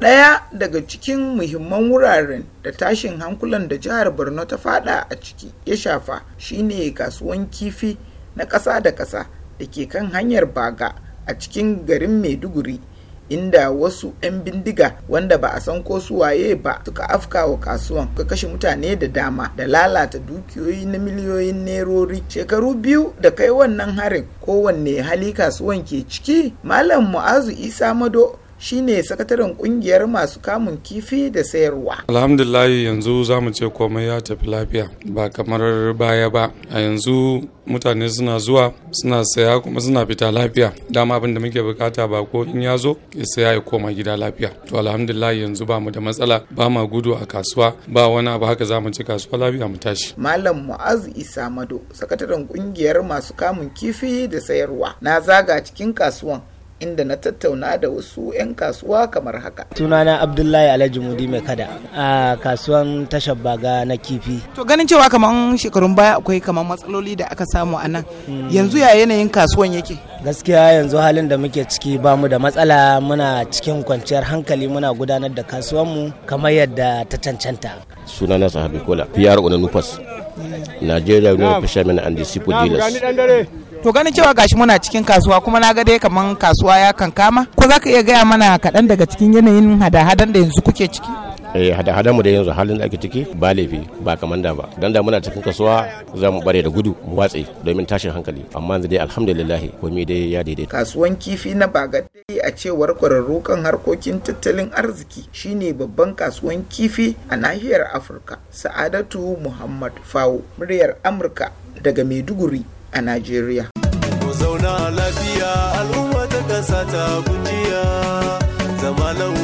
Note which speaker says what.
Speaker 1: ɗaya daga cikin muhimman wuraren da tashin hankulan da jihar borno ta fada a ciki ya shafa shine kasuwan kifi na ƙasa da ƙasa da ke kan hanyar baga a cikin garin maiduguri inda wasu 'yan bindiga wanda ba a san ko su waye ba suka afka wa kasuwan ka kashe mutane da dama da lalata dukiyoyi na miliyoyin nerori shekaru biyu da kai wannan harin kowanne hali kasuwan ke ciki malam mu'azu isa mado shine sakataren kungiyar masu kamun kifi da sayarwa.
Speaker 2: Alhamdulillah yanzu za mu ce komai ya tafi lafiya ba kamar baya ba. A yanzu mutane suna zuwa suna saya kuma suna fita lafiya. Dama abin da muke bukata ba ko in ya zo ya saya ya koma gida lafiya. To alhamdulillah yanzu ba mu da matsala ba ma gudu a kasuwa ba wani abu haka za mu ci kasuwa lafiya mu tashi.
Speaker 1: Malam Mu'az Isa Mado sakataren kungiyar masu kamun kifi da sayarwa na zaga cikin kasuwan inda na tattauna da wasu 'yan kasuwa kamar haka.
Speaker 3: Sunana Abdullahi Alhaji Mudi mai kada a kasuwan tashar baga na kifi.
Speaker 1: To ganin cewa kamar shekarun baya akwai kamar matsaloli da aka samu a nan. Hmm. Yanzu
Speaker 3: ya yanayin kasuwan yake? Gaskiya yanzu halin da muke ciki ba mu da matsala muna cikin kwanciyar hankali muna gudanar da kasuwanmu kamar yadda ta cancanta.
Speaker 4: Sunana Sahabi Kola, PR Ona hmm. Nigeria Union of Fishermen and Seafood Dealers.
Speaker 1: to ganin cewa gashi muna cikin kasuwa kuma na ga dai kaman kasuwa ya kankama ko za ka iya gaya mana kaɗan daga cikin yanayin hada-hadan da yanzu kuke ciki
Speaker 4: eh hada-hada mu da yanzu halin da ake ciki ba laifi ba kaman da ba dan da muna cikin kasuwa za mu bare da gudu mu watse domin tashin hankali amma yanzu dai alhamdulillah komai dai ya daidaita
Speaker 1: kasuwan kifi na bagadai a cewar kwararru kan harkokin tattalin arziki shine babban kasuwan kifi a nahiyar afirka sa'adatu muhammad fawo muryar amurka daga maiduguri a najeriya
Speaker 4: mu zauna
Speaker 3: lafiya al'umma ta kasa ta kujiya zama